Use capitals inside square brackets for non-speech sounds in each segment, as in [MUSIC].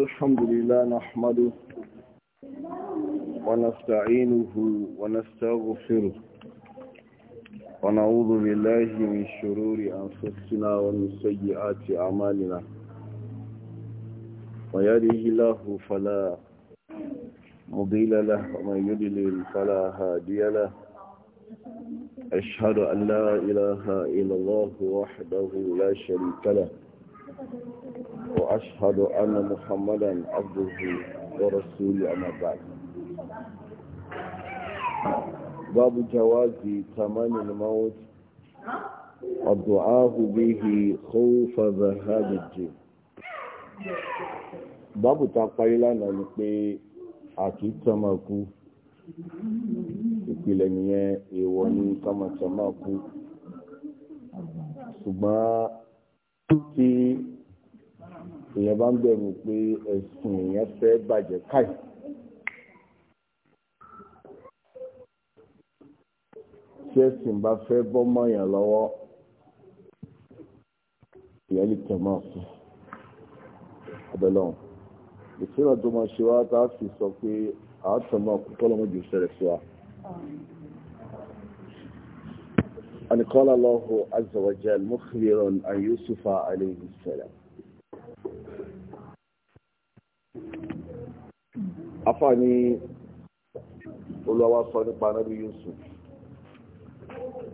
الحمد لله نحمده ونستعينه ونستغفره ونعوذ بالله من شرور أنفسنا ومن سيئات أعمالنا ويده الله فلا مضيل له ومن يضلل فلا هادي له أشهد أن لا إله إلا الله وحده لا شريك له وأشهد أن محمدا عبده ورسوله أما بعد باب جواز ثمن الموت والدعاء به خوف ذهاب الجن báàbù ta parí lánàá ni pé àkìtàmàkú ìpìlẹ̀ nìyẹn èèwọ̀ ní kàmàtàmàkú ṣùgbọ́n tí èèyàn bá ń bẹ̀rù pé ẹ̀sùn èèyàn fẹ́ bàjẹ́ káì. tí ẹ̀sìn bá fẹ́ bọ́ mọ́yàn lọ́wọ́ èèyàn lè tẹ̀ mọ́ fún abẹ́lọ́hùn. ìṣúná tó máa ṣe wá tá a sì sọ pé àátọ̀mọ́ kọ́lọ́mọ́ jù sẹ̀rẹ̀ sí wa. أن قال الله عز وجل مخبرا عن يوسف عليه السلام afá ní olùwàwá sọ nípa anábì Yusuf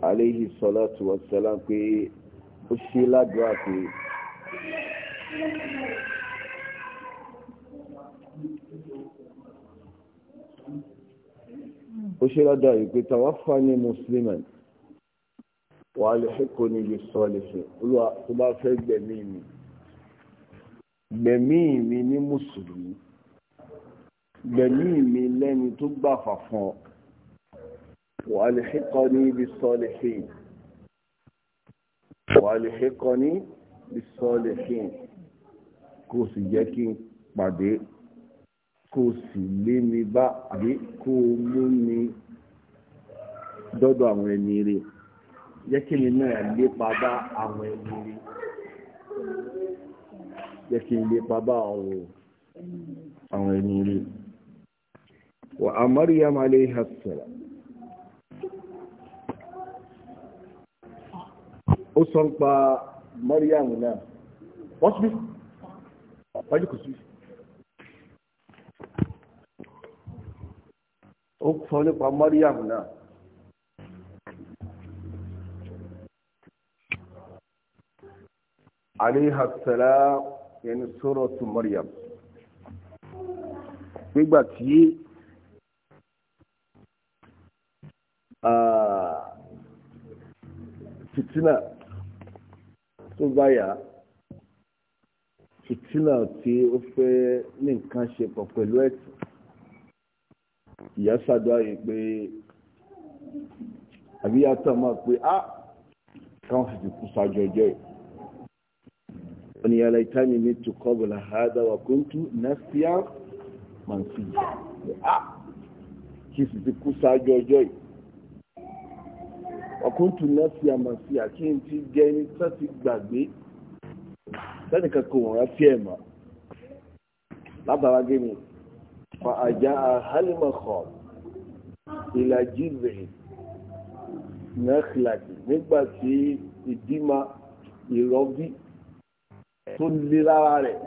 aléhì sọlátù wàsálàm pé ó ṣe ládùúrà pé ó ṣe ládùúrà yìí pé tàwáfà ní musliman wà lẹ́ẹ̀kọ́ ní ilé sọ́ọ̀lẹ́sẹ̀ olùwà tó bá fẹ́ gbẹ̀mí mi gbẹ̀mí mi ní mùsùlùmí gbẹ̀mí mi lẹ́ni tó gbà fàfọn wàlìhíkọ́ni bisọ́lìhìn wàlìhíkọ́ni bisọ́lìhìn kò sì jẹ́ kí n pàdé kò sì lé mi bá àbí kò mú mi dọ́dọ̀ àwọn ẹni rẹ̀ jẹ́ kí mi náà lépa bá àwọn ẹni rẹ̀ jẹ́ kí n lépa bá àwọn ẹni rẹ̀. ومريم عليها السلام أصل مريم لا واصبر فاجك اصبر أصل مريم لا عليها السلام يعني سورة مريم بيبقى fìtínà tó bá yà fìtínà tí ó fẹ́ ní nǹkan ṣe pọ̀ pẹ̀lú ẹ̀sìn ìyá ṣàdúrà yìí pé àbí yàtọ̀ máa pé á káwọn sì ti kú ṣáájú ọjọ́ yìí wọ́n ni yàrá ìtàmì mi tó kọ́bùlà hádà wà kúntù nàfíà màǹsì yìí á kí sì kú ṣáájú ọjọ́ yìí ọ̀kúntù náà fi àmà sí àkíyàn tí jẹ́ ẹni tó ti gbàgbé sẹ́ni kankan wọ̀n rántí ẹ̀ mọ́ lábàrá gẹ́mi fa àjà àhálìmọ̀kọ̀ ìlàjì rẹ̀ nẹ́kìlàjì nígbà tí ìdímà ìrọ́bí tó lé lára rẹ̀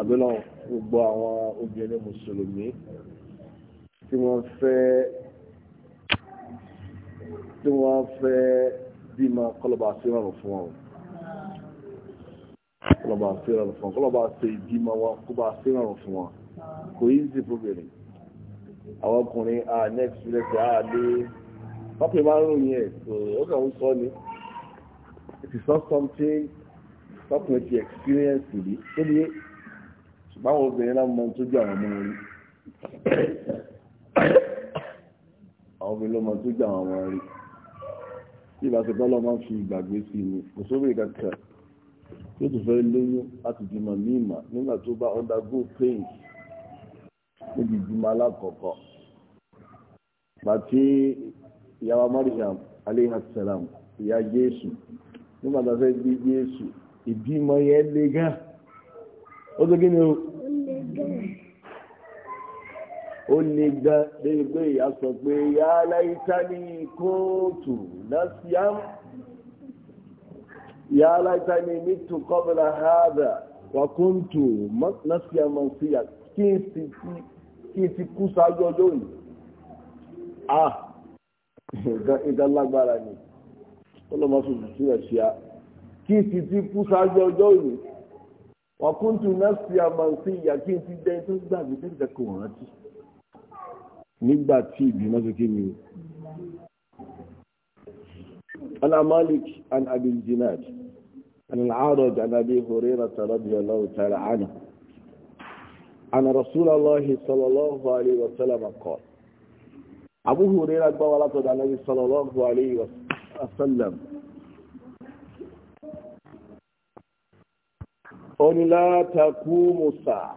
àbẹ́lọ́ gbogbo àwọn obìnrin mùsùlùmí tí wọ́n fẹ́ tí wọ́n fẹ́ bímọ kọlọba sí rọrùn fún wọn kọlọba sí rọrùn fún wọn kọlọba sí ìbímọ wọn kọlọba sí rọrùn fún wọn kò yí sí fúnbìnrin àwọn ọkùnrin a next lẹ́sẹ̀ a lé pápẹ́ máa ń ròyìn ẹ̀ ó kàn ń sọ ni it is not something pápẹ́ ti experience rí tó ní ṣùgbọ́n àwọn obìnrin náà mọ tó jẹ́ àwọn ọmọ rí [COUGHS] àwọn obìnrin ló mọ tó jẹ́ àwọn ọmọ rí tí ìbáṣepọ̀ lọ́mọ fi ìgbàgbé sí ni kò sóbì kankan yóò tún fẹ́ lóyún láti bímọ ní ìmọ̀ nígbà tó bá undergo pain níbi ìbímọ alákọ̀ọ́kọ́ gbàtí ìyàwó Mariam aleyhassalam ìyá Jésù nígbà tó fẹ́ bí Jésù ìbímọ yẹn le gan ó tó kí ni o ó lè gan débi pé ìyá sọ pé ìyá aláìta ní kóòtù lásìám ìyá aláìta ní mítù kọ́bìnà hádà wà kóòtù lásìám síyà kí n ti kú sáájú ọjọ́ òní. ah ìgbà lágbára ni ọlọ́mọ sọ̀tún sí ẹ̀ ṣíà kí n ti ti kú sáájú ọjọ́ òní wà kóòtù lásìám síyà kí n ti dẹ́yìn tó gbàgbé tó ń dẹ́kun rántí nígbà tí ìgbìmọ̀ tó kí ni أنا مالك عن أبي الجناد عن العارج عن أبي هريرة رضي الله تعالى عنه عن رسول الله صلى الله عليه وسلم قال أبو هريرة بولد عن النبي صلى الله عليه وسلم قل لا تقوم الساعه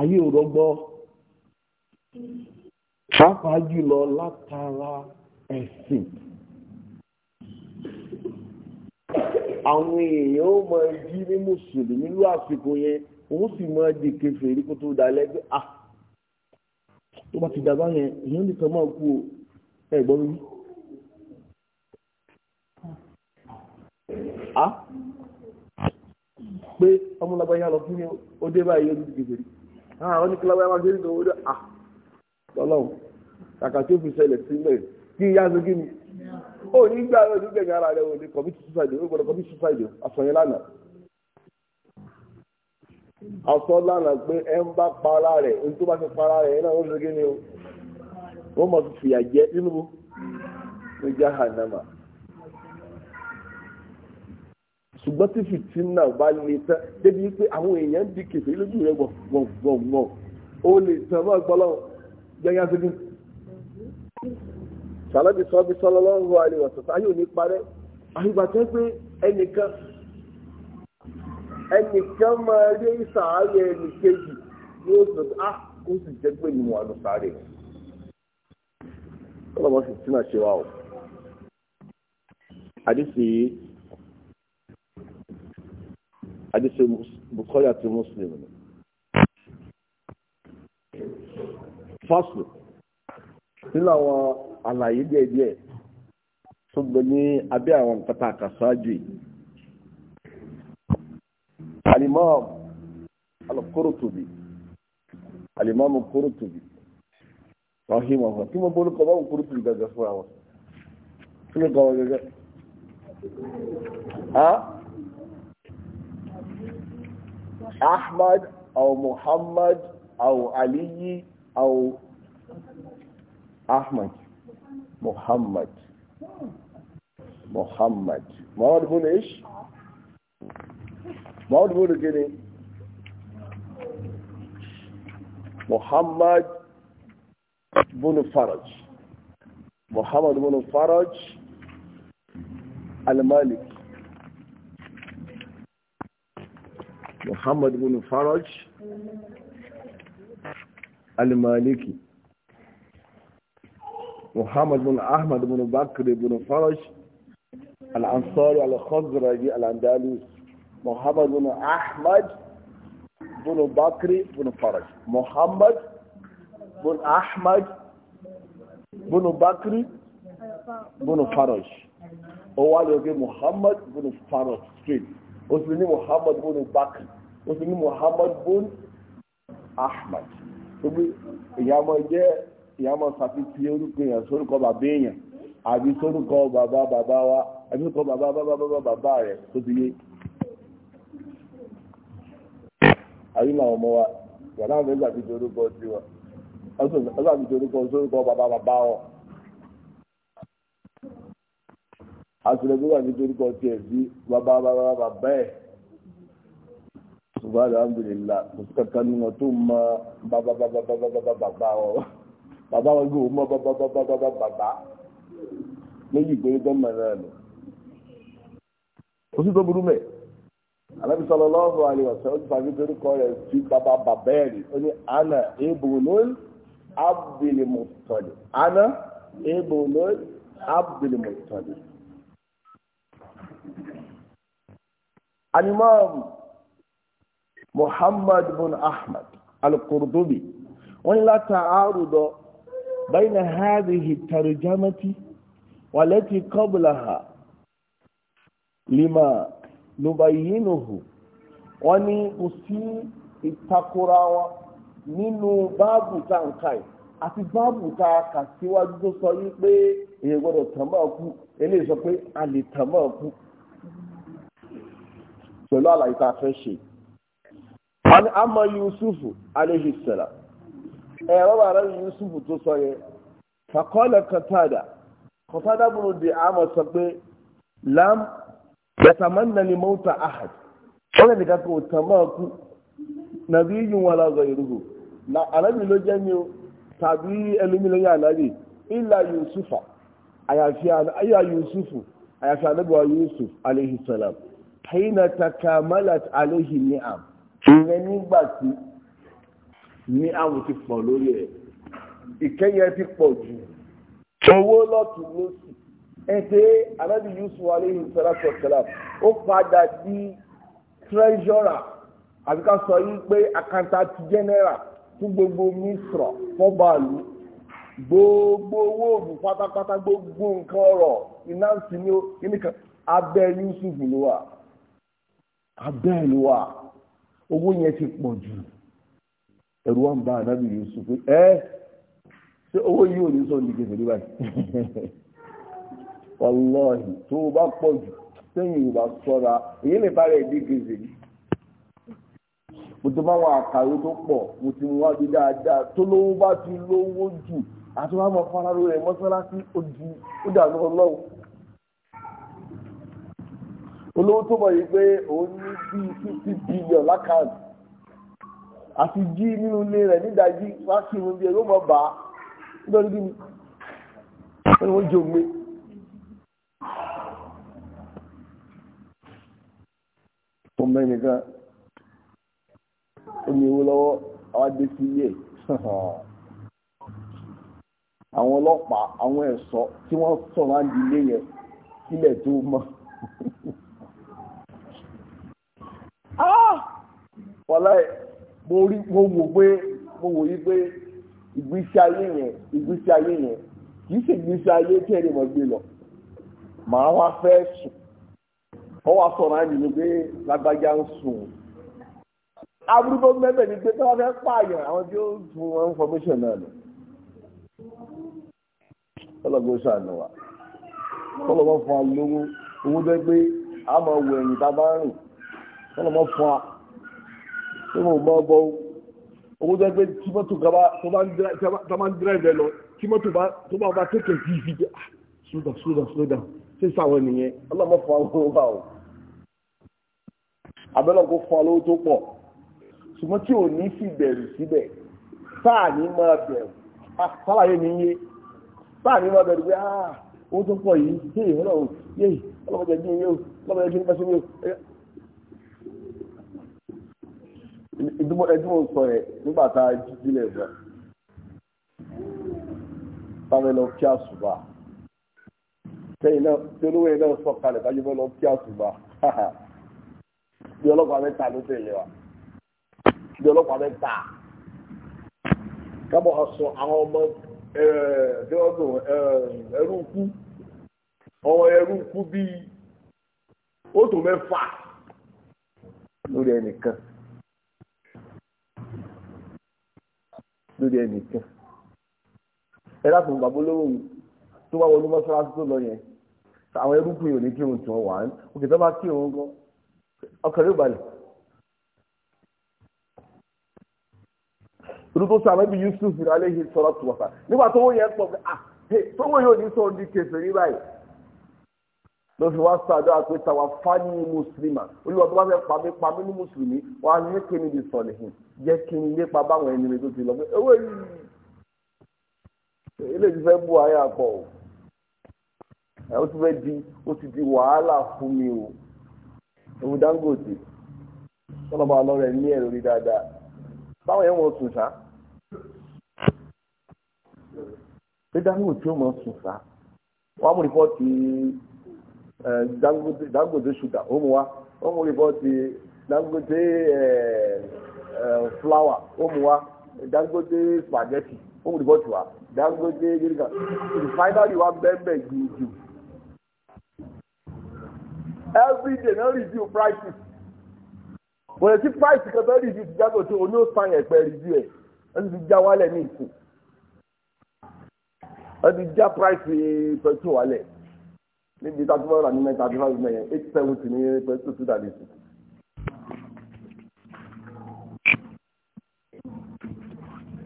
ayé ò rọgbọ pàápàá jùlọ látara ẹ̀sìn àwọn èèyàn ó mọ ẹbí ní mùsùlùmí nínú àsìkò yẹn òun sì mọ ẹdì kẹfìrí kó tó da lẹ́gbẹ́ à tó bá ti dàgbà yẹn èèyàn nìkan máa kú o ẹ gbọ́ mi. a pé ọmọlábáyá lọ fún mi ó dé báyìí ó dúdú kẹfìrí ah ó ní kí lọ́wọ́ ẹ máa ṣe nínú owó dá ah lọ́lọ́run kàkà tó fi ṣẹlẹ̀ sílẹ̀ kí ìyá aṣọ kí ni ó ní gbà ó ní gbẹ̀yìn ara rẹ̀ ó ní kọ̀mí suicide ó gbọ́dọ̀ kọ̀mí suicide àsọyìn lánàá àsọ lánàá pé ẹ ń bá para rẹ̀ ohun tó bá fi para rẹ̀ náà ó ṣe kí ni o wọ́n mọ̀ fi fìyà jẹ nínú ìjà àdàmà ṣùgbọ́n tí fìtínà bá le tán débi pé àwọn èèyàn di kẹfẹ́ lójú rẹ gbọ̀ngbọ̀ngbọ̀n ó lè tán máa gbọ́ lọ́wọ́ gbẹ́yà sí ni. sàlẹ́bí sọ́bí sọ́lọ́ lọ́rùn àlè ọ̀sọ̀tà yóò ní parẹ́ àyùbá tẹ́ pé ẹnìkan ẹnìkan máa rí sàárè ẹnìkejì ní oṣù tó ah kó sì jẹ́ pé ìwọ̀n àlọ́ sàárè kọ́lọ́ bá fìtínà ṣe wa àdìsẹ́ Bukhari àti Muslim ni. fásitì nínú àwọn àlàyé díẹ̀díẹ̀ tó gbé ní abẹ́ àwọn nǹkan tá a kà sáájú yìí. alimam al-Qurtubi alimam al-Qurtubi rahimahullah kí mo bọ́ lóko báwo Qurtubi gàgà fúnra wọn kí ló gbà wọn gàgà. أحمد أو محمد أو علي أو أحمد محمد محمد ما تقول إيش ما تقول كده محمد بن فرج محمد بن فرج المالك Muhammad bin Faraj al-Maliki Muhammad bin Ahmad bin Bakr bin Faraj al-Ansari al-Khazraji al-Andalus Muhammad bin Ahmad bin Bakr bin Faraj Muhammad bin Ahmad bin Bakr bin Faraj ó wá lè ọgbẹ́ Muhammad bin Faraj street ó sì ní Muhammad bin Bakr ó ti ní Muhammad bun Ahmad gbogbo ìyàmọ̀ jẹ́ ìyàmọ̀ sàfihàn orúkọ èèyàn sórúkọ bàbá èèyàn àbí sórúkọ bàbá bàbá wa àbí sórúkọ bàbá bàbá bàbá bàbá rẹ̀ tó ti yé àríwá ọmọ wa yàrá àwọn ẹgbẹ́ àti ìdórúkọ sí sórúkọ bàbá bàbá wọn àtìlẹ́gbẹ́ àti ìdórúkọ tiẹ̀ sí bàbá bàbá bàbá ẹ̀ ṣùgbọ́n alhamdulillah kò sí kankan nínú tó mọ bàbá wọn bàbá wọn gbé òun mọ bàbá méjì pé gọ́mà náà nù. Oṣù tó burú mẹ́, Ànábì sallallahu alaihi wasallam ó ti fàájú pé orúkọ rẹ̀ fi bàbá bàbá ẹ̀ rí. Ó ní Ana Ebonol Abdul Muttalib. Ana Ebonol Abdul Muttalib. Alimọ́ọ̀mù. muhammad bin ahmad al-qurdubi wani lati láta àrùdọ̀ bayna hadhihi tarjamati walati qablaha lima nubayyinuhu wọ́n ní kò sí ìtakora wọn nínú babu ta à ka yìí àti báàbù tá a kà síwájú tó sọ yìí pé èyí gbọ́dọ̀ tàn máa kú eléyìí sọ pé a lè tàn máa àlàyé tá fẹ́ ṣe an amma yusufu alayhi salam ẹ bàbá rẹ yusufu tó sọ yẹ fakọọlẹ kọtada kọtada bùrù di àmọ sọ pé lam yatamanna ni mauta ahad wọn ni kankan òtàmọ kú nàbí yìnyín wala ghayruhu na alábì ló jẹ ní o tàbí ẹlòmí ló yẹ alábì illa yusufa àyàfi àyà yusufu àyàfi ànábì wa yusuf alayhi salam hina takamallat alayhi ni'am ìyẹn nígbà tí ní àwọn ti pọ̀ lórí ẹ̀ ìkẹyẹ ti pọ̀ jù owó lọ́tún lóṣù ẹgbẹ́ anábì Yusuf alayhi salatu wasalam ó padà di treasurer àbí ká sọ yí pé akantanti general fún gbogbo misra fọ́bàlù gbogbo owó òògùn pátápátá gbogbo nǹkan ọ̀rọ̀ iná sí ní abẹ́ Yusuf ló wà abẹ́ ló wà. owó yẹn ti pọ̀ jù ẹ̀rù wọn bá ànábì Yusuf ẹ́ ṣé owó yìí ò ní sọ ní kẹfẹ́ níbàyí wàlọ́ọ̀hì tó o bá pọ̀ jù sẹ́yìn ìwà sọ́ra èyí lè bá gèzè yìí mo tó tó pọ̀ mo dáadáa tó lówó lówó jù àti wọn á mọ fún olówó tó mọ̀ yìí pé òun ní bíi fifty billion lákàntì àti jí nínú ilé rẹ̀ nídàájí wá sí irun bí ẹgbẹ́ mọ̀ nítorí kí ni wọ́n ní wọ́n jẹ ògbé. ó mẹ́rin nìkan ó ní owó lọ́wọ́ [LAUGHS] àwọn adé sí [LAUGHS] Ah! wàláì mo rí mo wò pé mo wò yí pé ìgbésí ayé yẹn ìgbésí ayé yẹn kì í ṣe ìgbésí ayé tí ẹni mọ̀ gbé lọ màá wá fẹ́ sùn wọ́n wá sọ̀rọ̀ àyè ni pé ọlọ́gbọ́n fún wa owó bẹ́ẹ̀ pé a máa wọ ẹ̀yìn wọn lọ mọ fún wa tí mo mọ bọ owó tó gbé tímọ́tò gaba tó bá ń dírẹ́ rẹ lọ tímọ́tò tó bá bá tẹ̀kẹ̀ sí ibi jẹ́ ah, slow down slow down slow down ṣé sáwọn nìyẹn ọlọ́mọ fún àwọn owó bá o abẹ́lẹ̀ kó fún alówó tó pọ̀ ṣùgbọ́n tí ò ní sí bẹ̀rù síbẹ̀ sáà ní máa bẹ̀rù ah, sálàyé mi yé sáà ní máa bẹ̀rù pé ah owó tó pọ̀ yìí yé ìhọ́nà o yé ọlọ́mọdé bí ìdúmọ̀ ẹdúmọ̀ sọ yẹn nígbà tá a jí sílẹ̀ bọ̀ táwọn lọ kí àṣùbà sẹ́yìn náà tí olówó yẹn náà sọ kalẹ̀ kájú bọ́ lọ kí àṣùbà bí ọlọ́pàá mẹ́ta ló tẹ̀lé wa bí ọlọ́pàá mẹ́ta kábọ̀ ọ̀sán àwọn ọmọ tí wọ́n dùn ẹrú kú ọmọ ẹrú kú bíi ó tó mẹ́fà lórí ẹnìkan. lórí ẹnìkan ẹ láti gbàgbó lówó tó bá wọlé mọ́ṣáláṣí tó lọ yẹn àwọn ẹrúkú yìí ò ní kí òun tún wà á òkè tó bá kí òun gan ọkàn yóò balẹ̀. rúdó sọ àmọ́bí Yusuf alayhi salatu wa salam nígbà tó wọ́n yẹn pọ̀ pé ah tówó yóò ní sọ ọ́ di kẹfẹ́ rí báyìí ló fi wá sàdọ́ àpè tàwa fani mùsùlùmá olúwa tó bá fẹ́ pàmí pàmí ní mùsùlùmí wàá ní kí ni lè sọ̀lẹ̀ hìn jẹ́ kí n lépa báwọn ẹni rẹ̀ tó ti lọ pé ewé yìí eléyìí fẹ́ bú ayé àpọ̀ o ẹ ó ti fẹ́ di ó ti di wàhálà fún mi o ewu Dangote tọ́lọ́ba ọlọ́rẹ̀ ní ẹ̀rọ rí dáadáa báwọn yẹn wọ́n sùn sá pé Dangote ó mọ̀ sùn sá wàá mú rìpọ́ọ̀tì. Dangote ṣùgà ó mú wa ó mú rìpọ́ọ̀tì Dangote eh, eh, flour ó mú wa Dangote spaghetti ó mú rìpọ́ọ̀tì wa Dangote gíríkà refinery wa bẹ́ẹ̀ gbìyànjú. every day náà review prices kò lè sí price kan tó review ti Dangote oní ó san ẹ̀pẹ̀ review ẹ̀ wọ́n ti já wálẹ̀ ní ìsìn wọ́n ti já price pẹ̀tù eh, wálẹ̀ níbi tá a ní mẹ́ta tí wọ́n fi mẹ́yẹn eight seventy ní pẹ̀lú two dàbí sí.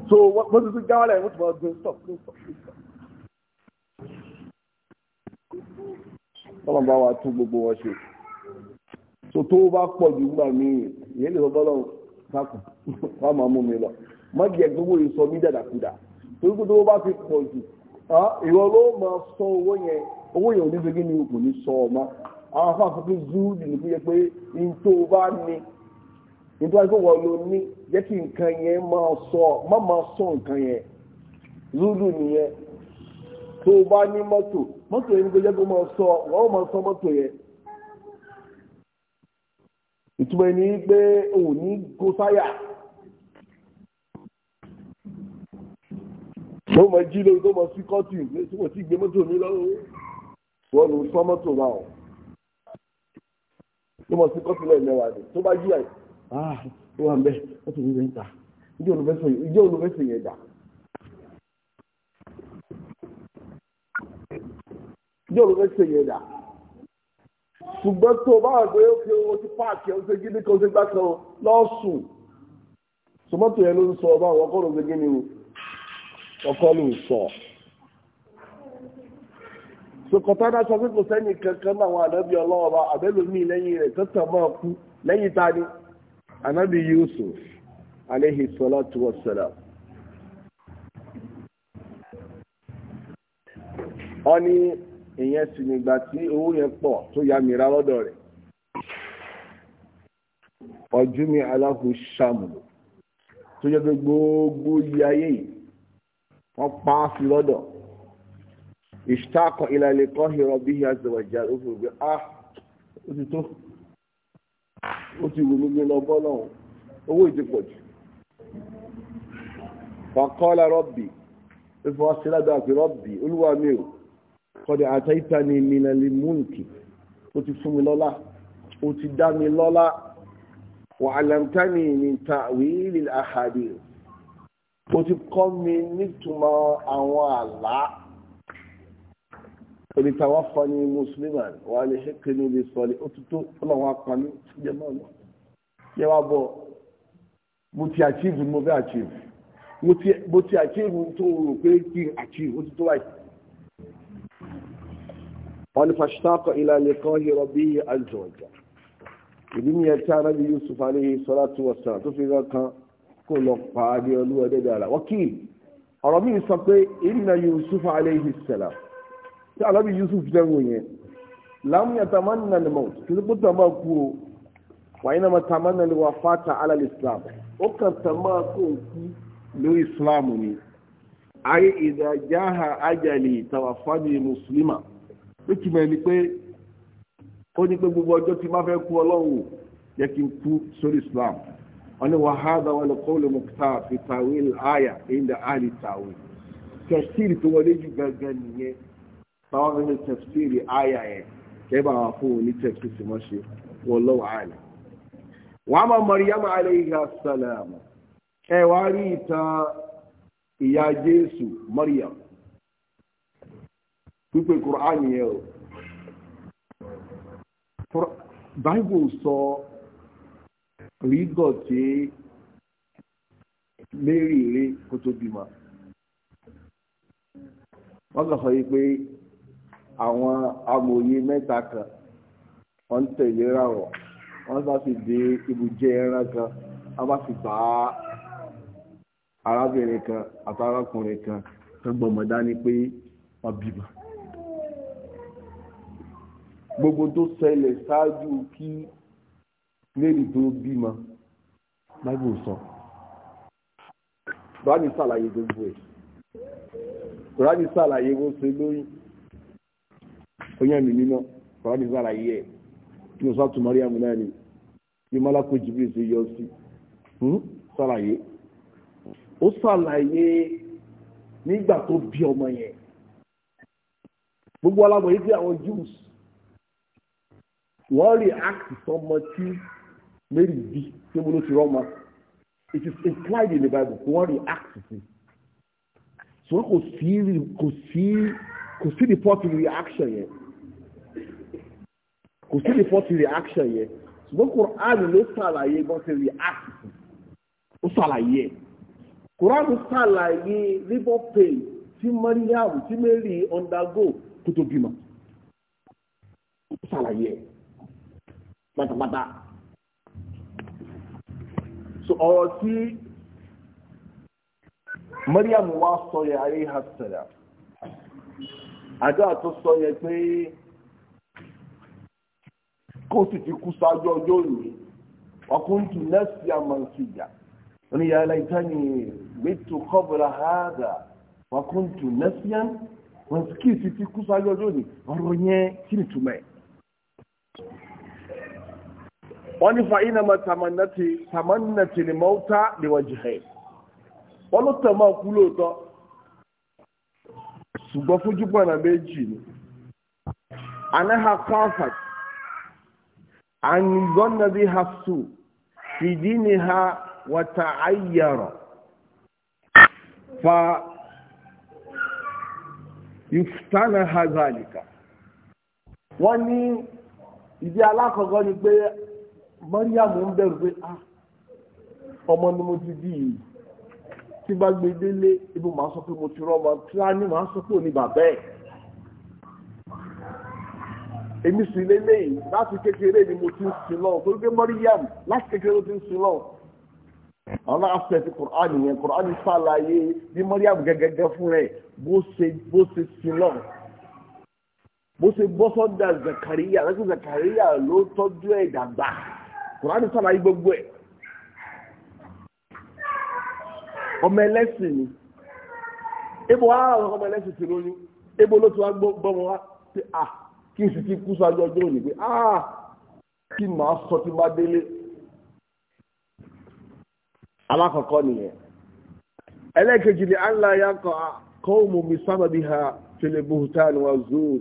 so wọ́n ti tún jáwálẹ̀ wọ́n ti mọ̀ ọdún stop please stop please stop. ọlọ́run bá wa tún gbogbo wọn ṣe so tó bá pọ̀ jù nígbà míì ìyẹn lè sọ bọ́lọ́run sákùn wọ́n máa mú mi lọ mọ́jì ẹ̀ gbogbo yìí sọ mí dàdàkudà torí pé tó bá ti pọ̀ jù ah, ìwọ ló máa sọ owó yẹn owó yẹn ò ní gbégé ní kò ní sọ ọmọ àwọn afọ àfọkí zúùdì ní fi yẹ pé ní tó o bá ní ní tó wá pé wọ́n ló ní jẹ́ kí nǹkan yẹn máa sọ má máa sọ nǹkan yẹn nìyẹn tó bá ní mọ́tò mọ́tò yẹn ní sọ wọ́n sọ mọ́tò yẹn ìtumọ̀ ẹni pé òun ní tó jí lórí tó gbé mọ́tò mi wọ́n lu sọ́mọ́tò wa ọ̀ tó mọ̀ sí kọ́sílẹ̀ mẹ́wàá ni tó bá jí àyè ah tó wà ń bẹ́ wọ́n ti rí rẹ̀ ń ta ìjọ olùfẹ́sẹ̀ yẹn dà. ìjọ olùfẹ́sẹ̀ yẹn dà. ṣùgbọ́n tó o bá wà pé ó fi owó ti páàkì ó ṣe gíní kan ṣe gbá kan lọ́sùn sọ́mọ́tò yẹn ló ń sọ ọba àwọn ọkọ̀ ló ń ṣe gíní o ọkọ̀ ló ń sọ ọ́. sọkọtà náà sọ pé kò sẹ́ni kankan náà àwọn ànábì ọlọ́wọ́ bá lẹ́yìn rẹ̀ tọ́tà máa kú lẹ́yìn ta ni Yusuf aleyhi wa salam. wọ́n ní ìyẹn sì nígbà tí owó yẹn pọ̀ tó ya mìíràn lọ́dọ̀ rẹ̀ ọdún mi aláhùn ṣàmùlò tó gbogbo iye ayé yìí wọ́n pa á ìṣtákọ̀ ìlàlẹ̀ kan hìrọ̀ bí àzẹ̀wàjà ó fi gbé ah ó ti tó ó ti wù mí gbé lọ bọ́ lọ́hùn owó ìdí pọ̀ jù. fàkọ́lá rọ́bì ó fi wá sí ládàá pé rọ́bì olúwa mi ò kọ́dé àtẹ́yìntà ni mílẹ̀lì múlùkì ó ti fún mi lọ́lá ó ti dá mi lọ́lá wà àlàmtánì ní tàwíìlì àhàdì ó ti kọ́ mi nítumọ̀ àwọn àlá ebi tàwa fani musliman wà ní hekiri ní sọlẹ òtútù ọlọ́wọ́ apani jẹ mọ́ ọ̀nà yẹ wá bọ̀ mo ti achieve mo fẹ́ achieve mo ti achieve tó rò pé kí n achieve òtútù wáyé. wọ́n ní fàṣítàkọ̀ ìlànà kan yẹ rọ̀bí azza wa ìdí ni ẹ̀tí arábí Yusuf alayhi salatu wassalam tó fi rán kan kó lọ pàdé olúwẹ̀dẹ́gbẹ̀rẹ̀ wọ́n kí ọ̀rọ̀ mi sọ pé inna Yusuf alayhi salam tí alábi Yusuf dẹ́wò yẹn lam yatamanna al-mawt kìí kó tàmà kú o wà yín nàmà tamanna al-wafata ala al-islam ó kàn tàmà kó o kú lórí islam ni ayé idha jaha ajali tawaffani muslima ó ti mọ̀ ní pé ó ní pé gbogbo ọjọ́ tí má fẹ́ kú ọlọ́run jẹ́ kí n kú islam wọ́n ní wàhálà wọn lọ́kọ́ olùmọ̀kútà fi tàwé àyà ẹ̀yìn dà áàlì tàwé kẹsìrì tó wọlé jù gangan táwọn fẹ́ ṣe tẹ̀síìrì àyà ẹ̀ kẹ́bà wà fún òní tẹ̀síìrì mọ́ ṣe wallahu a'lam. wọ́n á máa Maryama alayha salam ẹ wá rí ìtàn ìyá Jésù Maryam pípé Kùránì yẹn o Bible sọ rígọ̀ tí Mary rí kó tó bímọ wọ́n kàn sọ yìí pé àwọn amòye mẹ́ta kan wọ́n ń tẹ̀léra wọ̀ wọ́n bá sì dé ibùjẹ ẹran kan wọ́n bá sì bá arábìnrin kan àtàrákùnrin kan tó gbọmọdá ní pé wọ́n bímọ gbogbo tó ṣẹlẹ̀ ṣáájú kí lẹ́ni tó bímọ lágbó sọ kùránì ṣàlàyé gbogbo ẹ̀ kùránì ṣàlàyé wọ́n ṣe lóyún onye mi mímọ́ kọ́ra mi sára yẹ ní sọ́ tó mọ́rí àmì náà ni bí mọ́lákò jibril ṣe yọ sí sàlàyé ó sàlàyé nígbà tó bí ọmọ yẹn gbogbo alámọ̀ yìí tí àwọn jews wọ́n rí act sọmọ tí mary bí tí mo ló ti rọ́mọ it is implied in the bible wọ́n rí act sí so kò sí kò sí kò sí the possible reaction yẹn kò sí before ti reaction yẹn ṣùgbọ́n Quran ló ṣàlàyé bọ́n ti react ó ṣàlàyé ẹ̀ Quran ṣàlàyé labour pain tí Mariam tí Mary undergo kó tó bímọ ó ṣàlàyé ẹ̀ pátápátá so ọ̀rọ̀ tí Mariam wá sọ yẹ alayha salam àdúrà tó sọ yẹ pé kó sì ti kú sáájú ọjọ́ òní ọkùnrin nẹ́ẹ̀sì àmọ̀nsìyà oníyà ẹlẹ́tàní mẹ́tò kọ́bùrà hàdà ọkùnrin nẹ́ẹ̀sì àmọ̀nsìkì sì ti kú sáájú ọjọ́ òní ọ̀rọ̀ yẹn kí ni túmọ̀ ẹ̀. wọ́n ní fa iná máa tàmánàtì tàmánàtì ni mọ́tà níwájú ẹ̀ wọ́n ló tẹ̀ máa kú lóòótọ́ ṣùgbọ́n fójú pọ̀ náà méjì ni. anaha comfort أن يظن بها السوء في دينها وتعير فيفتنها ذلك wọ́n ní ìdí alákọ̀ọ́kọ́ ni pé Mariam ń bẹ̀rù pé ah ọmọ ni mo ti bí yìí tí bá gbé délé ibi màá sọ pé mo ti rọ́ ọmọ tí a ní màá sọ pé ò bàbá ẹ̀ èmi sì lélẹ́yìn láti kékeré ni mo ti ń sin lọ torí pé Maryam láti kékeré ló ti ń sin lọ àwọn aspect Quran yẹn Quran ṣàlàyé bí Maryam gẹ́gẹ́gẹ́ fún rẹ̀ bó ṣe bó ṣe sin lọ bó ṣe bọ́ sọ́dà Zakariya láti Zakariya ló tọ́jú ẹ̀ dàgbà Quran ṣàlàyé gbogbo ẹ̀ ọmọ ẹlẹ́sìn ni ebo àwọn ọmọ ẹlẹ́sìn ti lóyún ebo ló ti wá gbọ́ bọ́ wá pé ah kí n sì ti kú sáájú ọjọ́ òní pé áà ah, kí màá sọ tí bá délé alákọ̀ọ́kọ́ nìyẹn ẹlẹ́ẹ̀kejì ni aláya kan kọ́ọ̀mù mi sábàbí ha fèlè buhutan wa zoo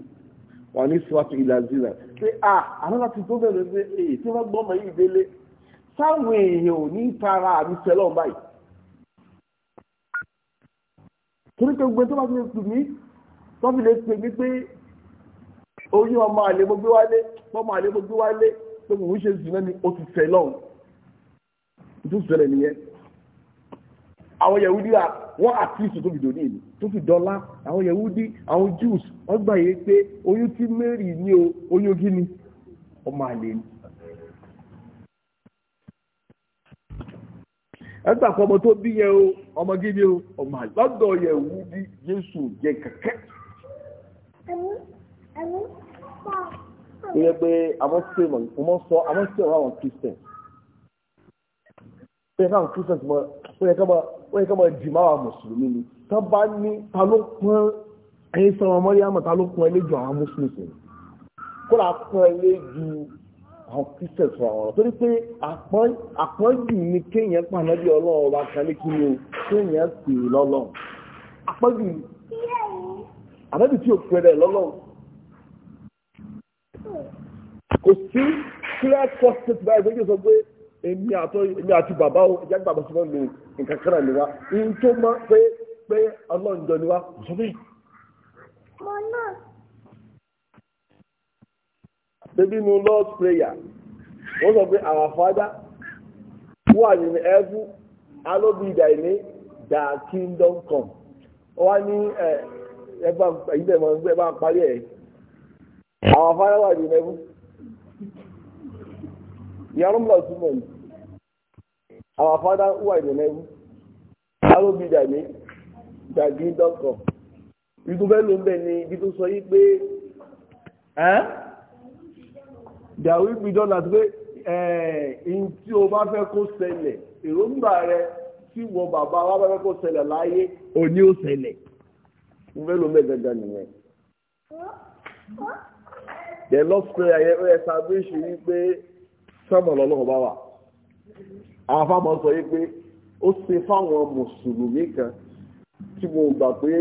wà ní swat ilà zina pé ah, à alára ti tó bẹ̀rẹ̀ pé èyí tí wọ́n gbọ́mọ yìí délé sáwọn èèyàn ò ní tara àmì tẹ́lọ̀ báyìí torí pé gbogbo tó bá ti lè pè mí tó fi lè pè mí pé oyún ọmọ àlè mo gbé wálé ọmọ àlè mo gbé wálé mò ń ṣe tó ṣẹlẹ̀ nìyẹn àwọn yahudi à wọ́n àtúnṣe tó fi dòní ìlú tó fi dọ́lá àwọn yahudi àwọn jews pé oyún o oyún o ọmọ o ọmọ àlè jésù jẹ tó yẹ pé àwọn sèmọ̀ mo sọ àwọn sèmọ̀ àwọn christian ó yẹ káwọn christian ti mọ ó yẹ ká mọ ó yẹ ká mọ jìmọ̀ àwọn mùsùlùmí ni tó bá ní ta ló pọ́n ẹyin sọ̀rọ̀ mọ́ríyàmọ̀ ta ló pọ́n ẹlẹ́jọ àwọn mùsùlùmí kó la pọ́n ẹlẹ́jọ àwọn christian sọ̀rọ̀ àwọn ọ̀rọ̀ torí pé àpọ́njù ni kéèyàn pànábí ọlọ́run ọba kan ní kí ni o kéèyàn pè lọ́lọ́run àpọ́njù àbẹ́bí tí ò pẹ̀rẹ̀ lọ́lọ́run kò sí clear cut state báyìí pé yóò sọ pé èmi àtọ èmi àti bàbá o ìjà gbàgbọ́ sí wọn lò nǹkan kan ní wa n tó má pé pé ọlọ́njọ ni wa kò sọ bẹ́ẹ̀. Bébí nu Lord's prayer, wọ́n sọ pé our father who are in heaven, hallowed be thy name, thy kingdom come. Wọ́n á ní ẹ ẹ bá ẹ̀yin bẹ̀rẹ̀ mọ́ ẹ bá parí ẹ̀. Our father who are in heaven yaran masu mai a fada uwa da na yi arobi da ne dàbí dọ́kọ̀ igun bẹ́ẹ̀ ló ń bẹ̀ ní ibi tó sọ yí pé ẹ́n dàwí gbìdọ́ láti pé ẹ̀ẹ́n tí o bá fẹ́ kó ṣẹlẹ̀ èròǹgbà rẹ tí wọ bàbá wa bá fẹ́ kó ṣẹlẹ̀ láyé òní ó ṣẹlẹ̀ igun bẹ́ẹ̀ ló ń bẹ̀ gangan nìyẹn. the last prayer yẹn ó yẹ sábẹ́ ṣe wí pé. sẹ́mọ̀ lọ́lọ́wọ́ bá wà àfàmọ́ sọ yí pé ó ṣe fáwọn mùsùlùmí kan tí mo gbà pé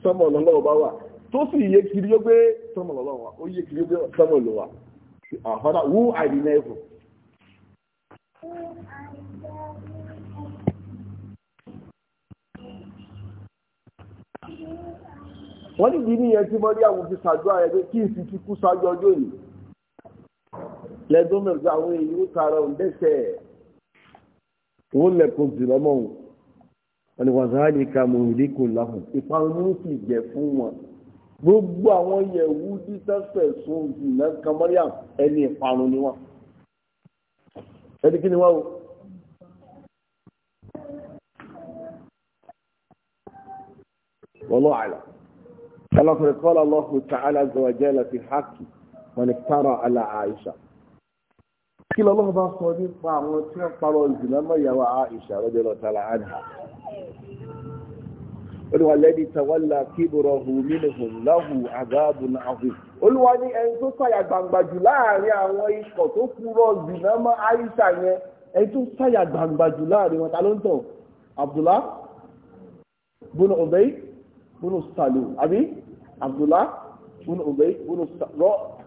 sẹ́mọ̀ lọ́lọ́wọ́ bá wà tó sì yé kiri yó pé sẹ́mọ̀ lọ́lọ́wọ́ ó yé kiri yó pé sẹ́mọ̀ wà àfàdà wú àìdínà wọ́n ní bí lẹ́gbọ́n gbà àwọn èèyàn ó tààrà òun dẹ́sẹ̀ wọ́n lẹ́kùn sí lọ́mọ òun ọ̀nìwàzáàlì ka mòríkù láhùn ìparun sì jẹ fún wọn gbogbo àwọn yẹ̀wù dítẹ́sẹ̀ sun ìlà kamaria ẹni ìparun ni wọn ẹni kí ni wọn o. والله أعلم قال الله تعالى عز وجل في حقه من افترى على عائشة kí lọ lọ́wọ́ bá sọ nípa àwọn tí wọ́n parọ́ ìdìnnà mọ́yàwó Aisha radiyallahu ta'ala anha olúwa lẹ́ni tawalla kiburahu minhum lahu adhabun azim olúwa ní ẹni tó sàyà gbangba jù láàrin àwọn ẹni tó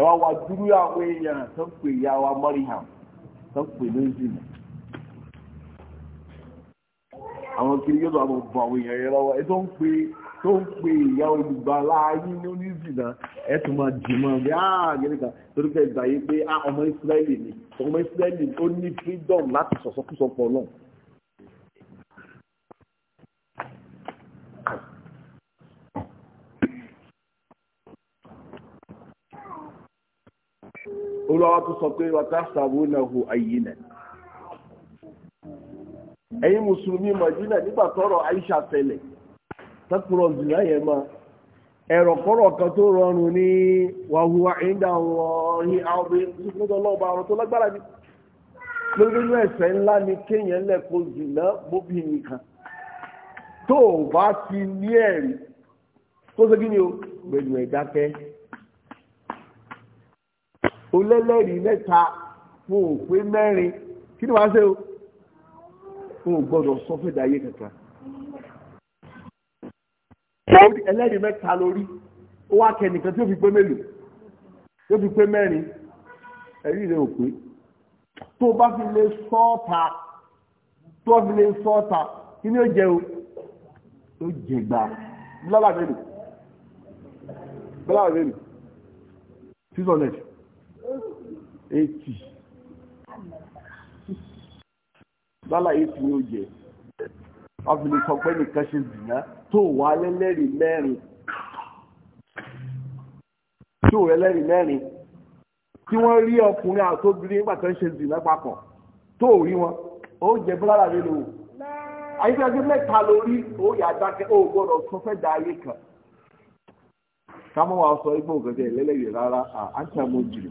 ẹ wá wá dúró àwọn èèyàn tó ń pè ya wa Mariam tó ń pè lóṣù àwọn kiri yóò lọ bọ àwọn èèyàn yẹn lọ́wọ́ ẹ tó ń pè tó ń pè ìyá olùgbàlà ayé ní oníṣìnà ẹ tó máa dì mọ́ bí àgẹ́ríkà torí pé ìgbà yìí pé ọmọ Ísírẹ́lì ni ọmọ Ísírẹ́lì ó ní freedom láti sọ̀sọ́kúsọ pọ̀ náà. ọlọ́wà tó sọ pé wata sàbónàhù àyínà ẹ̀yin mùsùlùmí mọ̀jínà nígbà tọ́rọ̀ Aisha tẹ́lẹ̀ tẹ́kùrọ̀ zìnà yẹn ma ẹ̀rọ kọ́rọ̀ kan tó rọrùn ní wàhùwà ìdá wọn ní àwọn obìnrin lórí inú ẹ̀ṣẹ̀ ńlá ni kéèyàn lẹ́kọ̀ọ́ zìnà bóbi nìkan tó bá ti ní ẹ̀rí tó ṣe kí ni o pẹ̀lú ẹ̀dákẹ́ olẹ́lẹ́rìí mẹ́ta wọn ò mẹ́rin kí ni wàá ṣe o wọn ò gbọ́dọ̀ sọ kankan. ẹlẹ́rìí mẹ́ta lórí ó wá kẹ́nìkan tí ó fi pé mélòó tí ó fi pé mẹ́rin ẹ̀rí rẹ̀ ò tó bá fi lè sọ́ọ̀ta tó fi lè sọ́ọ̀ta kí ni ó jẹ o ó jẹ gbà lọ́lá mélòó lọ́lá mélòó six hundred eighty dọ́là eighty ni ó jẹ́ ọ̀bìnrin sọ pé nìkan ṣe zìnà tó wà lẹ́lẹ́rìí mẹ́rin tó ẹlẹ́rìí mẹ́rin tí wọ́n rí ọkùnrin àtòbìnrin nígbà tó ń ṣe zìnà papọ̀ tó rí wọn ó jẹ búlára rẹ lò àyíkájú mẹ́ta lórí ó yà dákẹ́ ó gbọ́dọ̀ sọ fẹ́ da ayé kan ká mọ́ wa sọ igbó nǹkan tẹ̀ lẹ́lẹ́rìí rárá àti àmójìlè.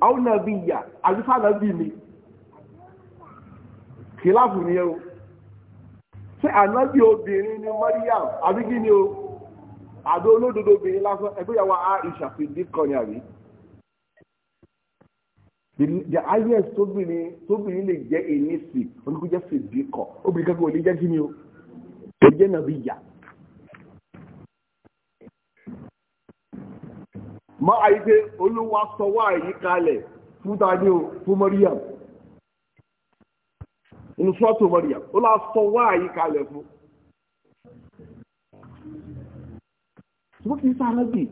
àwọn nàbí ìyà àbífà nàbí mi kìláàfù ni ẹ o ṣé ànábì obìnrin ni Mariam àbí kí ni o àbí olódodo obìnrin lásán ẹgbẹ́ yàwó Aisha fìdí kan ni àbí the highest tóbìnrin tóbìnrin lè jẹ́ ènìsì oníkó jẹ́ fìdí kan obìnrin kankan ò lè jẹ́ kí ni o ò jẹ́ nàbí ìyà. má àyí pé oluwa sọ wá àyí kalẹ̀ fún tani o fún Mariam nusrọ́tò Mariam ó lọ sọ wá àyí kalẹ̀ fún. ṣùgbọ́n kì sá anábì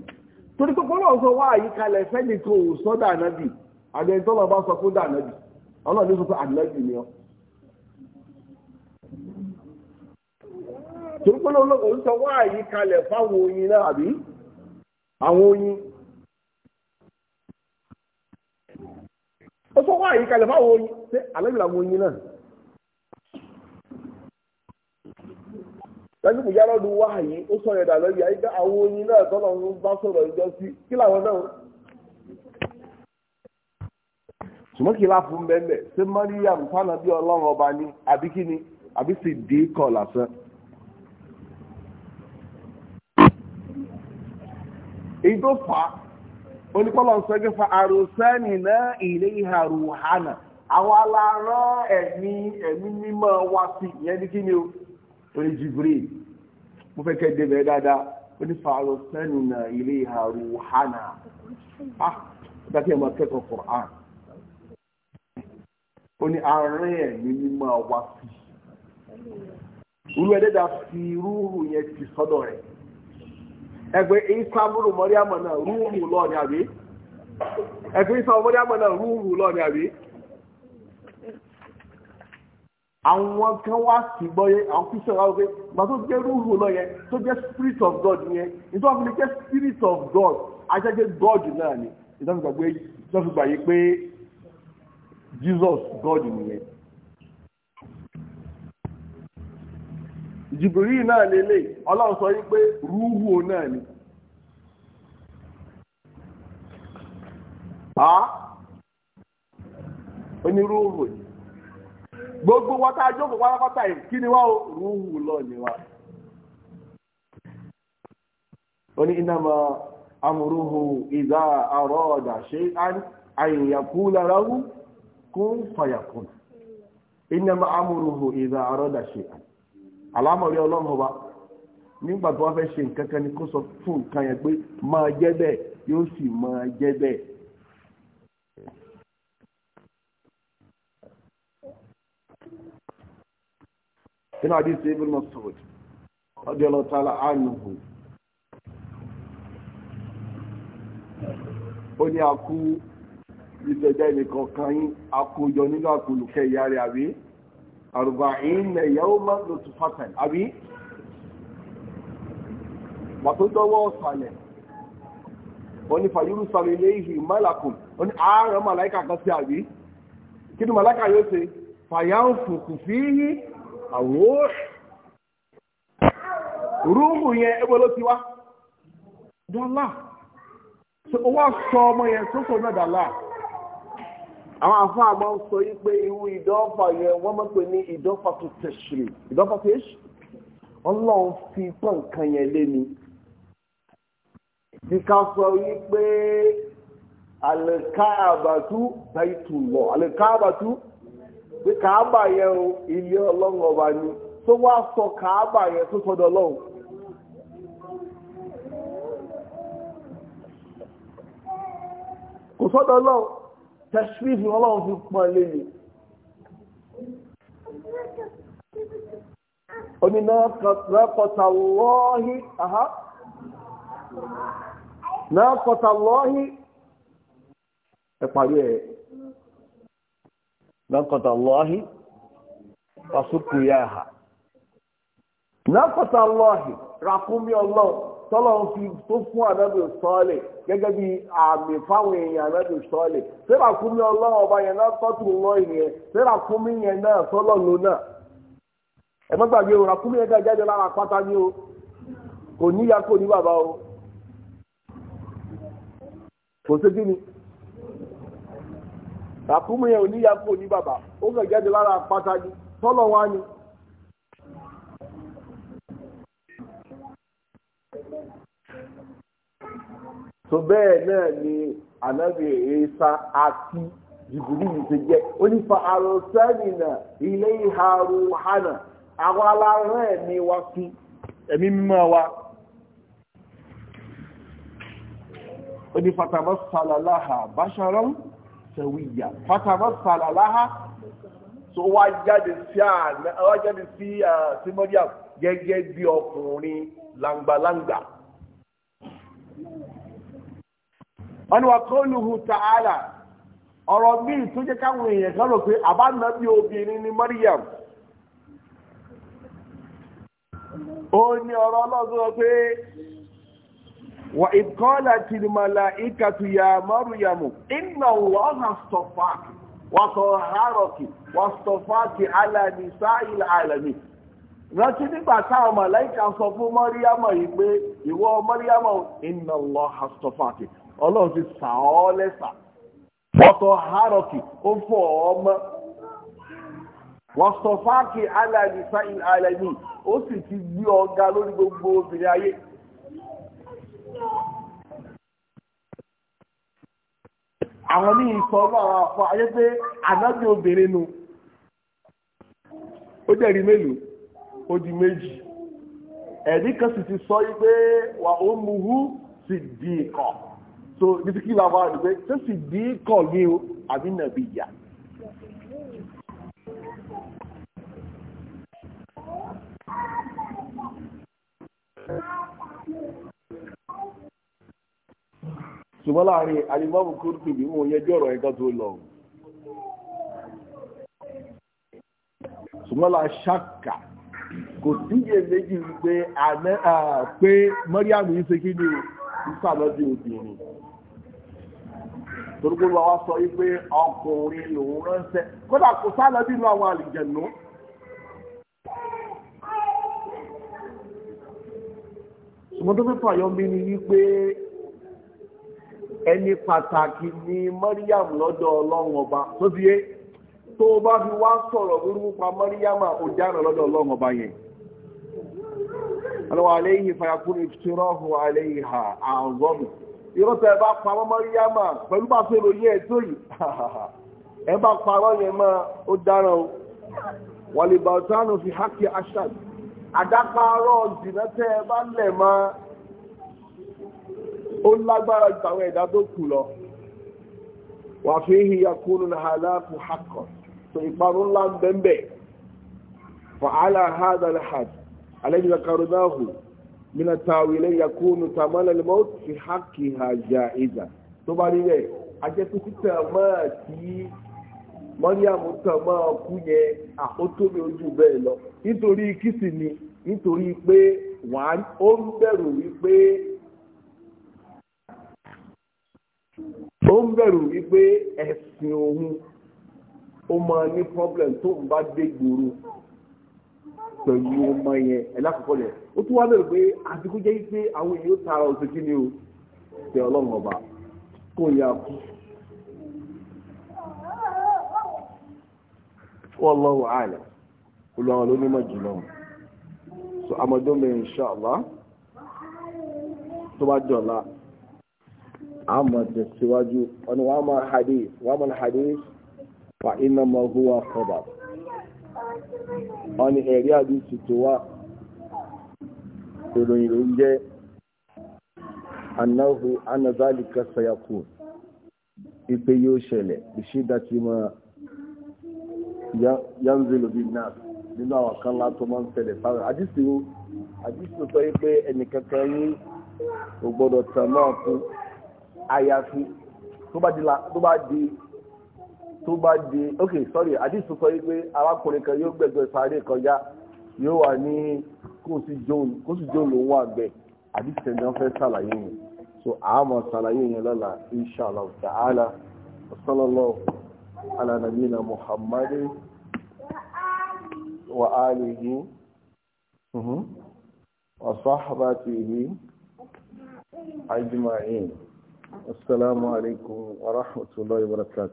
torí pé kọ́lọ́ sọ wá kalẹ̀ fẹ́ni tó ò sọ́dọ̀ anábì àgbẹ̀ntọ́lọ́ bá sọ fún dà anábì ọlọ́run ló sọ ni torí pé sọ wá fáwọn oyin náà àbí àwọn wá àyíkalẹ̀ fáwọn oyin ṣé àlejò làwọn oyin náà. lẹ́yìn kò yára ọdún wáhà yìí ó sọ ìyẹ̀dà lọ́yẹ̀ àyíká àwọn oyin náà tọ́lọ̀ ń bá sọ̀rọ̀ ìjọ sí kí làwọn náà. ṣùgbọ́n kí láàfù ń bẹ́ẹ̀ ṣé Mariam fana bí ọlọ́run ọba ni àbí kí ni àbí sì dé onípọ́lọ̀ ń sọ́jú fa àrùsẹ́nì náà ilé ìhà rùhánà àwọn alárọ́ ẹ̀mí ẹ̀mí mímọ́ wá sí ìyẹn ní kí ni o fẹ́ kẹ́ ah oní fi rúrù yẹn ti sọ́dọ̀ rẹ̀. ẹgbẹ́ ìsá múrù mọ́ríàmọ̀ náà rúùrù lọ́ọ̀ni àbí ẹgbẹ́ ìsá mọ́ríàmọ̀ náà rúùrù lọ́ọ̀ni àbí àwọn kan wá sí gbọ́yé àwọn christian wá wípé gbà tó jẹ́ rúùrù lọ́yẹ tó jẹ́ spirit of God yẹn nítorí wọn jẹ́ spirit of God ajẹ́jẹ́ God náà ni ìtọ́fìgbà yìí pé Jesus God nìyẹn. jìbìrì náà lélẹ̀ ọlọ́run sọ yí pé rúhù náà ni. a onírúurú ni gbogbo wata ajókòó pátápátá yìí kí ni wá o rúhù lọ ni wá. ó ní innama amruhu idha arada shay'an an yaqula lahu kun fayakun innama amruhu idha arada shay'an. àlámọ̀rí ọlọ́run ọba nígbà tó wá fẹ́ ṣe nǹkan kan ni kó sọ fún nǹkan yẹn pé máa jẹ́ bẹ́ẹ̀ yóò sì máa jẹ́ bẹ́ẹ̀. nínú àdìsí ibn Mas'ud ó ní akú kan yín akójọ ìyá rẹ̀ àrùbáyínà yawma nutfatan àbí bàtótọ́wọ́ ọ̀sàlẹ̀ wọ́n ni fàyúrù sàrì ilé ìhì málàkùn wọ́n ni ààrùn màláìkà kan sí àbí kí ni màláìkà yóò ṣe fàyáhùn fòkù sí ìhì àwọ̀ rúhù yẹn ẹgbẹ́ ló ya soko àwọn àfọ́ àgbà ń sọ yí pé irú ìdọ́fà yẹn wọ́n mọ̀ pé ní ìdọ́fà tó tẹ̀sírì ìdọ́fà tó yẹ́sì ọlọ́run fi pọ̀ nǹkan yẹn lé ni. bí ká sọ yí pé àlèkáàbàtú báyìí tù lọ àlèkáàbàtú pé kàábà yẹn o ilé ọlọ́run ọba ni tó wá sọ kàábà yẹn tó sọdọ̀ ọlọ́run. kò sọdọ̀ ọlọ́run tẹ̀sífì ọlọ́run fi pọ̀ lélẹ̀ oníná rẹ́pọ̀tà lọ́ọ́hí àhá rẹ́pọ̀tà lọ́ọ́hí ẹ̀pàrí ẹ̀ rẹ́pọ̀tà lọ́ọ́hí pàṣípù yá àhá rẹ́pọ̀tà lọ́ọ́hí ràkúnmí ọlọ́run tọ́lọ̀ ń fi tó fún ànábì sọ́ọ̀lẹ̀ gẹ́gẹ́ bí àmì fáwọn èèyàn ànábì sọ́ọ̀lẹ̀ sẹ́rà kúmi ọlọ́run ọba yẹn náà tọ́tù lọ ìyẹn sẹ́rà kúmi yẹn náà tọ́lọ̀ náà ẹ má gbàgbé o ràkúmi yẹn náà jáde lára pátá ní o kò níyà kò ní bàbá o kò sí kí ni ràkúmi yẹn ò níyà kò ní ni. tó bẹ́ẹ̀ náà ni anabi Isa àti jìbìlì yìí ti jẹ́ ó ní fa àròsẹ́nì náà ilé ìhà ruhana àwọn alárán ẹ̀mí wa sí ẹ̀mí mímọ́ wa. ó ní fatamọ́ sàlàláhà báṣarán sẹ̀wìyà fatamọ́ sàlàláhà tó wá jáde sí ah, mọ́ríà gẹ́gẹ́ bí ọkùnrin làǹgbàlàǹgbà. wọ́n ní wà kọ́ọ̀lùhù tààlà ọ̀rọ̀ míì tó jẹ́ káwọn èèyàn kan rò pé àbánábí obìnrin ni Maryam ó ní ọ̀rọ̀ ọlọ́sọ̀rọ̀ pé wà ìkọ́lá ti màlà ìkàtù ya Maryamu inna Allaha stọ̀fàkì wà tọ̀hárọ̀kì wà stọ̀fàkì alàní rántí nígbà táwọn màláìka sọ fún Maryamu yìí pé ìwọ Maryamu inna Allaha ọlọ́run ti sà ọ́ lẹ́sà ọ̀tọ̀ hárọ̀kì ó fọ̀ ọ́ mọ́ wọ́n sọ fáàkì aláàbí sáì aláàbí ó sì ti gbé ọ̀gá lórí gbogbo obìnrin ayé. àwọn ní ìsọ ọlọ́run àfọ ayé pé ànábì obìnrin nu ó jẹ́rìí mélòó ó di méjì ẹ̀rí kan sì ti sọ yí pé wà ó muhu sì di ìkọ̀ so níbi kí làwọn àrùn pé tó sì dí kọ̀ ní o àbí nàbí ìyá. ṣùgbọ́n láàrin alimọ́mù kúrúkú bí mo yẹjọ́ ọ̀rọ̀ ẹ̀kan tó lọ. ṣùgbọ́n la ṣàkà kò síyè méjì wípé àmẹ́ pé mọ́ríàmù yìí ṣe kí ni ìsàlọ́dí obìnrin torípé wọn wá sọ wípé ọkùnrin lòun ránṣẹ́ kódà kò sálọ nínú àwọn àlìjẹnù. ṣùgbọ́n tó fẹ́ fàyọ mi ni wípé ẹni pàtàkì ni Mariam lọ́dọ̀ ọlọ́run ọba tó ti yé tó bá fi wá sọ̀rọ̀ burúkú pa Mariam ọ̀daràn lọ́dọ̀ ọlọ́run ọba yẹn alọ́ àléyìn fàyàkùn ìtúrọ̀hùn àléyìn ha àwọn gọ́ọ̀mù irọ́ tẹ́ ẹ bá pa mọ́ mọ́ríyámà pẹ̀lú bá fẹ́ ròyìn ẹ̀ tó yìí [LAUGHS] ẹ bá pa mọ́ yẹn mọ́ ó dára o wàlìbàtánù fi hákì ashad àdáparọ́ jìnnà tẹ́ ẹ bá lẹ̀ mọ́ ó lágbára ju àwọn ẹ̀dá tó kù lọ wà fi hi yakunu halaku hakọ tó ìparun ńlá ń من التاويلين يكون تمام الموت في حقها جائزة طبعا ya أجل تتماتي Mariam kan máa kú yẹn àkótóbi ojú bẹ́ẹ̀ lọ nítorí kìsì ni bẹ̀rù wípé ẹ̀sìn òun ó máa ní problem tó ń bá dé gbòòrò pẹ̀lú ọmọ yẹn ẹ̀lákọ̀ọ́kọ́ yẹn ó tún wá bẹ̀rẹ̀ pé àdìkú jẹ́ pé àwọn èèyàn tara ọ̀sẹ̀ kí ni o tẹ ọlọ́run ọba kó ya kú. wallahu a'lam olùwàwọn ló nímọ̀ so amọ̀dọ́mọ inshallah tó bá jọ̀la àmọ̀ tẹ̀síwájú ọ̀nà wàá mọ̀ hadith wàá mọ̀ hadith wọ́n ní ẹ̀rí àdìsí tó wá ìròyìn ló ń jẹ́ anáhu anazalika sayako ipe yóò ṣẹlẹ̀ ìṣídà tí ma yanzelo bí náà nínú àwọn kan látọ́ máa ń ṣẹlẹ̀ fáwọn àdìsí wo pé ẹnìkankan yín ò gbọ́dọ̀ tàn náà fún àyàfi tó bá di tó bá di ok sorry àdìsù sọ wípé arákùnrin kan yóò gbẹgbẹ sáré kọjá yóò wà ní kóòsì jóun lòún wà bẹ tẹ̀lé wọn fẹ́ sàlàyé yẹn so àmọ́ sàlàyé yẹn lọ́la inshallah ta'ala ala nabiyina wa alihi wa sahbatihi ajma'in assalamu wa wa